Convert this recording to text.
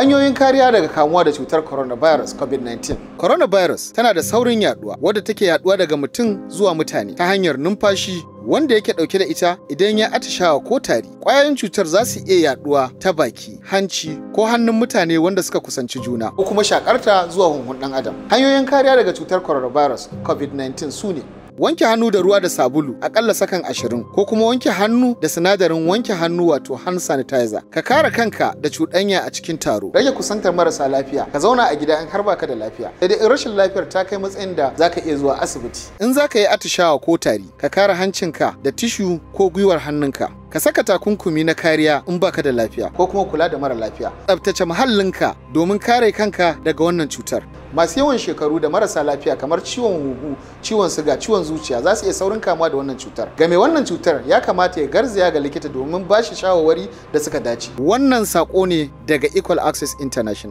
Hanyoyin kariya daga kamuwa da cutar coronavirus COVID-19. Coronavirus tana da saurin yaduwa wadda take yaduwa daga mutum zuwa mutane ta hanyar numfashi wanda yake dauke da ita idan ya atishawa ko tari. Kwayoyin cutar za su iya yaduwa ta baki, hanci ko hannun mutane wanda suka kusanci juna ko kuma shakarta zuwa hunhun dan adam. Hanyoyin kariya daga cutar coronavirus COVID-19 su ne wanke hannu da ruwa da sabulu akalla sakan ashirin ko kuma wanke hannu da sinadarin wanke hannu wato hand sanitizer ka kare kanka da cuɗanya a cikin taro rage kusantar marasa lafiya ka zauna a gida in har baka da lafiya sai dai rashin lafiyar ta kai matsayin da zaka iya zuwa asibiti in zaka yi atishawa ko tari ka kare hancinka da tishu ko gwiwar hannunka ka saka takunkumi na kariya in baka da lafiya ko kuma kula da mara lafiya tsabtace muhallinka domin kare kanka daga wannan cutar masu yawan shekaru da marasa lafiya kamar ciwon huhu ciwon siga ciwon zuciya za su iya saurin kamuwa da wannan cutar ga mai wannan cutar ya kamata ya garzaya ga likita domin ba shi shawarwari da suka dace wannan sako ne daga equal access international